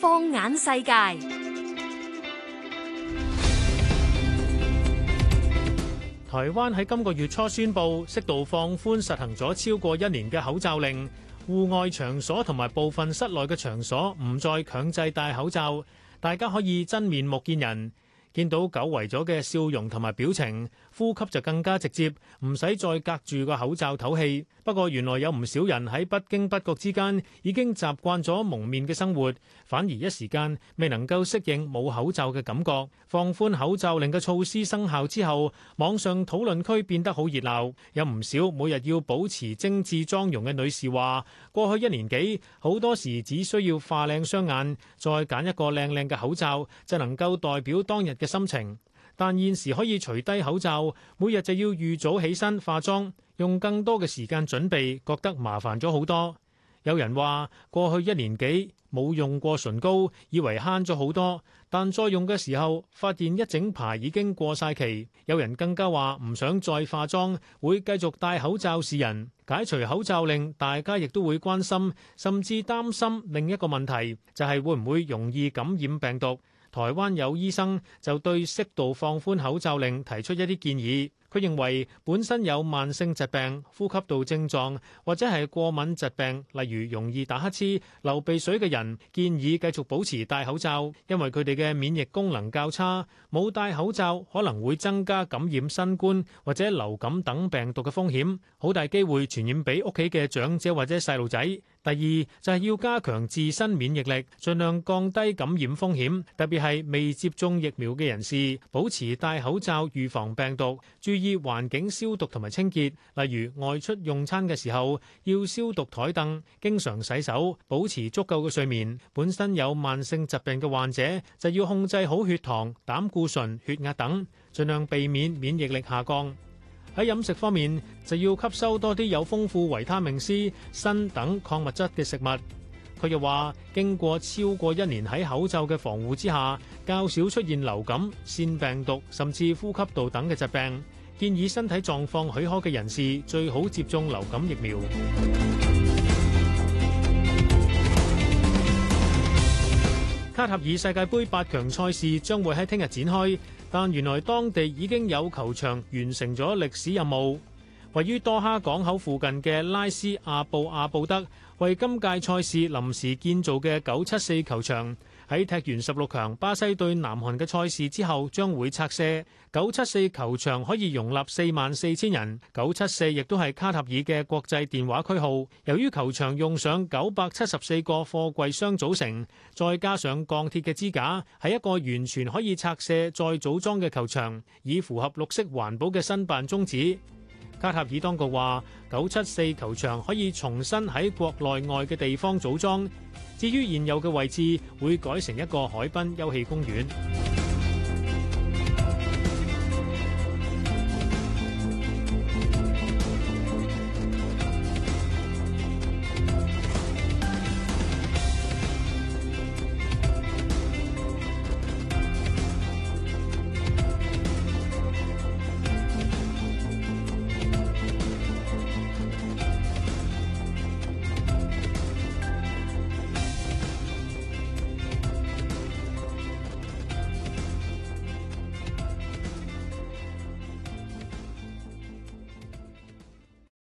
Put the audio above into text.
放眼世界，台灣喺今個月初宣布適度放寬實行咗超過一年嘅口罩令，戶外場所同埋部分室內嘅場所唔再強制戴口罩，大家可以真面目見人。見到久違咗嘅笑容同埋表情，呼吸就更加直接，唔使再隔住個口罩唞氣。不過原來有唔少人喺不經不覺之間已經習慣咗蒙面嘅生活，反而一時間未能夠適應冇口罩嘅感覺。放寬口罩令嘅措施生效之後，網上討論區變得好熱鬧，有唔少每日要保持精緻妝容嘅女士話：過去一年幾好多時只需要化靚雙眼，再揀一個靚靚嘅口罩，就能夠代表當日嘅心情，但現時可以除低口罩，每日就要預早起身化妝，用更多嘅時間準備，覺得麻煩咗好多。有人話過去一年幾冇用過唇膏，以為慳咗好多，但再用嘅時候發現一整排已經過晒期。有人更加話唔想再化妝，會繼續戴口罩示人。解除口罩令，大家亦都會關心，甚至擔心另一個問題，就係會唔會容易感染病毒。台灣有醫生就對適度放寬口罩令提出一啲建議。佢認為本身有慢性疾病、呼吸道症狀或者係過敏疾病，例如容易打乞嗤、流鼻水嘅人，建議繼續保持戴口罩，因為佢哋嘅免疫功能較差，冇戴口罩可能會增加感染新冠或者流感等病毒嘅風險，好大機會傳染俾屋企嘅長者或者細路仔。第二就係要加強自身免疫力，盡量降低感染風險，特別係未接種疫苗嘅人士，保持戴口罩預防病毒。注意以環境消毒同埋清潔，例如外出用餐嘅時候要消毒台凳，經常洗手，保持足夠嘅睡眠。本身有慢性疾病嘅患者就要控制好血糖、膽固醇、血壓等，盡量避免免疫力下降。喺飲食方面就要吸收多啲有豐富維他命 C、鋅等礦物質嘅食物。佢又話，經過超過一年喺口罩嘅防護之下，較少出現流感、腺病毒甚至呼吸道等嘅疾病。建議身體狀況許可嘅人士最好接種流感疫苗。卡塔爾世界盃八強賽事將會喺聽日展開，但原來當地已經有球場完成咗歷史任務。位於多哈港口附近嘅拉斯阿布阿布德，為今屆賽事臨時建造嘅九七四球場。喺踢完十六強巴西對南韓嘅賽事之後，將會拆卸。九七四球場可以容納四萬四千人。九七四亦都係卡塔爾嘅國際電話區號。由於球場用上九百七十四個貨櫃箱組成，再加上鋼鐵嘅支架，係一個完全可以拆卸再組裝嘅球場，以符合綠色環保嘅申辦宗旨。卡塔爾當局話，九七四球場可以重新喺國內外嘅地方組裝，至於現有嘅位置會改成一個海濱休憩公園。